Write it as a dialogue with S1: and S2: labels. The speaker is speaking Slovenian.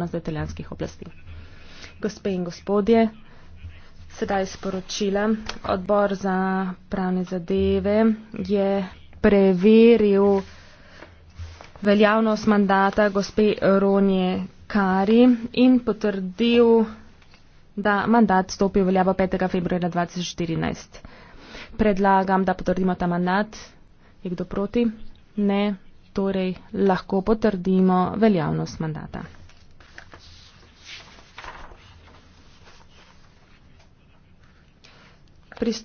S1: nas do italijanskih oblasti. Gospe in gospodje, sedaj sporočila. Odbor za pravne zadeve je preveril veljavnost mandata gospe Ronje Kari in potrdil, da mandat stopi v veljavo 5. februarja 2014. Predlagam, da potrdimo ta mandat. Je kdo proti? Ne. Torej lahko potrdimo veljavnost mandata.
S2: pristopa.